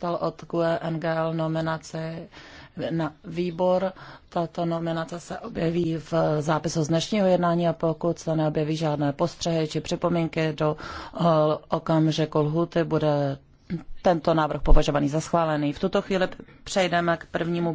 dostal od GUE NGL nominaci na výbor. Tato nominace se objeví v zápisu z dnešního jednání a pokud se neobjeví žádné postřehy či připomínky do okamžiku lhuty, bude tento návrh považovaný za schválený. V tuto chvíli přejdeme k prvnímu